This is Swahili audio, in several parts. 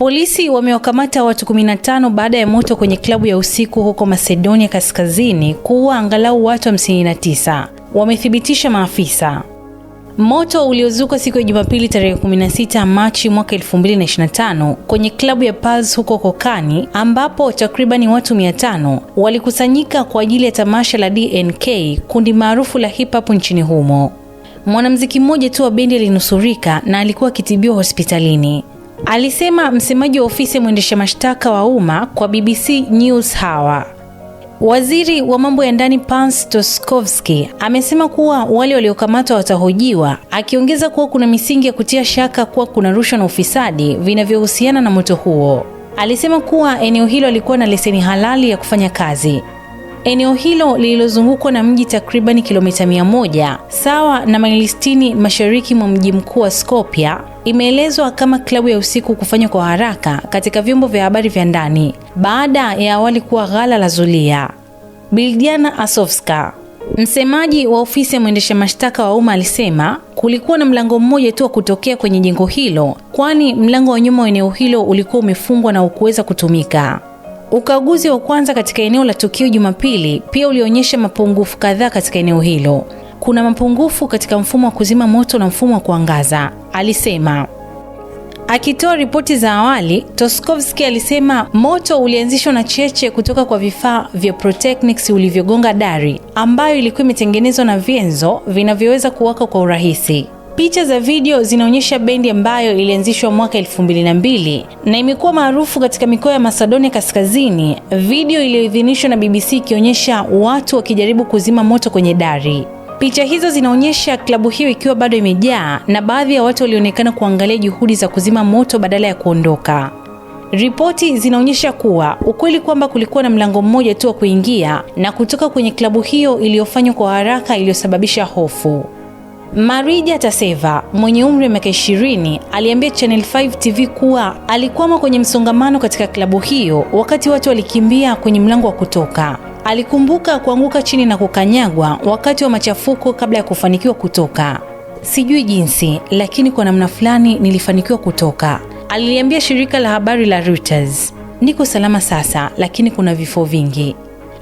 Polisi wamewakamata watu 15 baada ya moto kwenye klabu ya usiku huko Macedonia Kaskazini kuua angalau watu 59, wamethibitisha maafisa. Moto uliozuka siku ya Jumapili tarehe 16 Machi mwaka 2025 kwenye klabu ya Paz huko Kokani ambapo takribani watu 500 walikusanyika kwa ajili ya tamasha la DNK, kundi maarufu la hip hop nchini humo. Mwanamuziki mmoja tu wa bendi alinusurika na alikuwa akitibiwa hospitalini alisema msemaji wa ofisi ya mwendesha mashtaka wa umma kwa BBC News hawa. Waziri wa mambo ya ndani Pans Toskovski amesema kuwa wale waliokamatwa watahojiwa, akiongeza kuwa kuna misingi ya kutia shaka kuwa kuna rushwa na ufisadi vinavyohusiana na moto huo. Alisema kuwa eneo hilo alikuwa na leseni halali ya kufanya kazi. Eneo hilo lililozungukwa na mji takribani kilomita mia moja sawa na maili sitini mashariki mwa mji mkuu wa Skopje Imeelezwa kama klabu ya usiku kufanywa kwa haraka katika vyombo vya habari vya ndani baada ya awali kuwa ghala la zulia. Bildiana Asovska, msemaji wa ofisi ya mwendesha mashtaka wa umma, alisema kulikuwa na mlango mmoja tu wa kutokea kwenye jengo hilo, kwani mlango wa nyuma wa eneo hilo ulikuwa umefungwa na ukuweza kutumika. Ukaguzi wa kwanza katika eneo la tukio Jumapili pia ulionyesha mapungufu kadhaa katika eneo hilo. Kuna mapungufu katika mfumo wa kuzima moto na mfumo wa kuangaza, alisema. Akitoa ripoti za awali, Toskovski alisema moto ulianzishwa na cheche kutoka kwa vifaa vya pyrotechnics ulivyogonga dari ambayo ilikuwa imetengenezwa na vyenzo vinavyoweza kuwaka kwa urahisi. Picha za video zinaonyesha bendi ambayo ilianzishwa mwaka 2002 na imekuwa maarufu katika mikoa ya Masedonia Kaskazini, video iliyoidhinishwa na BBC ikionyesha watu wakijaribu kuzima moto kwenye dari. Picha hizo zinaonyesha klabu hiyo ikiwa bado imejaa na baadhi ya watu walionekana kuangalia juhudi za kuzima moto badala ya kuondoka. Ripoti zinaonyesha kuwa ukweli kwamba kulikuwa na mlango mmoja tu wa kuingia na kutoka kwenye klabu hiyo iliyofanywa kwa haraka iliyosababisha hofu. Marija Taseva mwenye umri wa miaka 20 aliambia Channel 5 TV kuwa alikwama kwenye msongamano katika klabu hiyo wakati watu walikimbia kwenye mlango wa kutoka. Alikumbuka kuanguka chini na kukanyagwa wakati wa machafuko kabla ya kufanikiwa kutoka. Sijui jinsi, lakini kwa namna fulani nilifanikiwa kutoka, aliliambia shirika la habari la Reuters. Niko salama sasa, lakini kuna vifo vingi.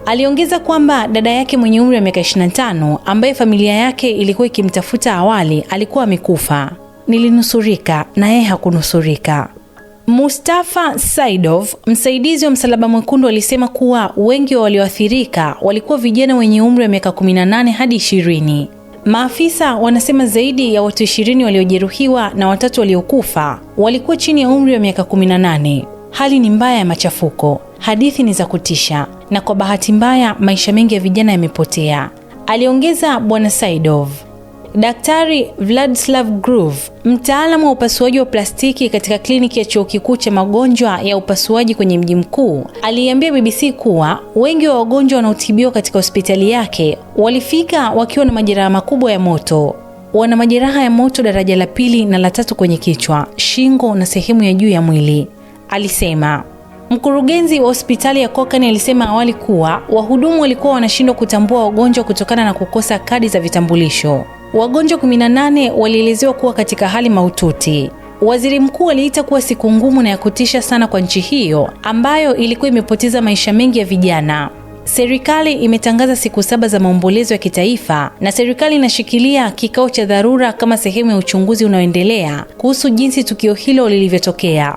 Aliongeza kwamba dada yake mwenye umri wa miaka 25 ambaye familia yake ilikuwa ikimtafuta awali alikuwa amekufa. Nilinusurika na yeye hakunusurika. Mustafa Saidov, msaidizi wa Msalaba Mwekundu, alisema kuwa wengi wa walioathirika walikuwa vijana wenye umri wa miaka 18 hadi 20. Maafisa wanasema zaidi ya watu 20 waliojeruhiwa na watatu waliokufa walikuwa chini ya umri wa miaka 18. Hali ni mbaya ya machafuko, hadithi ni za kutisha, na kwa bahati mbaya maisha mengi ya vijana yamepotea, aliongeza Bwana Saidov. Daktari Vladislav Gruev, mtaalamu wa upasuaji wa plastiki katika kliniki ya chuo kikuu cha magonjwa ya upasuaji kwenye mji mkuu, aliambia BBC kuwa wengi wa wagonjwa wanaotibiwa katika hospitali yake walifika wakiwa na majeraha makubwa ya moto. Wana majeraha ya moto daraja la pili na la tatu kwenye kichwa, shingo na sehemu ya juu ya mwili, alisema. Mkurugenzi wa hospitali ya Kokani alisema awali kuwa wahudumu walikuwa wanashindwa kutambua wagonjwa kutokana na kukosa kadi za vitambulisho. Wagonjwa 18 walielezewa kuwa katika hali mahututi. Waziri mkuu aliita kuwa siku ngumu na ya kutisha sana kwa nchi hiyo ambayo ilikuwa imepoteza maisha mengi ya vijana. Serikali imetangaza siku saba za maombolezo ya kitaifa na serikali inashikilia kikao cha dharura kama sehemu ya uchunguzi unaoendelea kuhusu jinsi tukio hilo lilivyotokea.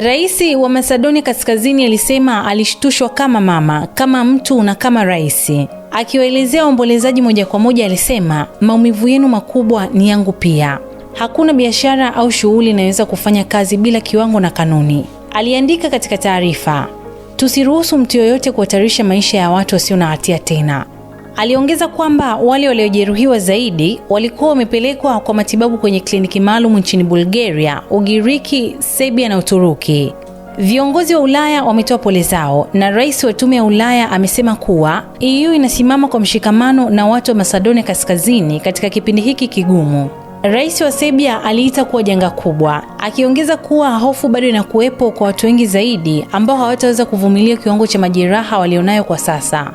Rais wa Masedonia Kaskazini alisema alishtushwa kama mama, kama mtu na kama rais. Akiwaelezea waombolezaji moja kwa moja, alisema maumivu yenu makubwa ni yangu pia. Hakuna biashara au shughuli inayoweza kufanya kazi bila kiwango na kanuni, aliandika katika taarifa. Tusiruhusu mtu yoyote kuhatarisha maisha ya watu wasio na hatia tena. Aliongeza kwamba wale waliojeruhiwa zaidi walikuwa wamepelekwa kwa matibabu kwenye kliniki maalum nchini Bulgaria, Ugiriki, Serbia na Uturuki. Viongozi wa Ulaya wametoa pole zao na rais wa Tume ya Ulaya amesema kuwa EU inasimama kwa mshikamano na watu wa Masedonia Kaskazini katika kipindi hiki kigumu. Rais wa Serbia aliita kuwa janga kubwa, akiongeza kuwa hofu bado inakuwepo kwa watu wengi zaidi ambao hawataweza kuvumilia kiwango cha majeraha walionayo kwa sasa.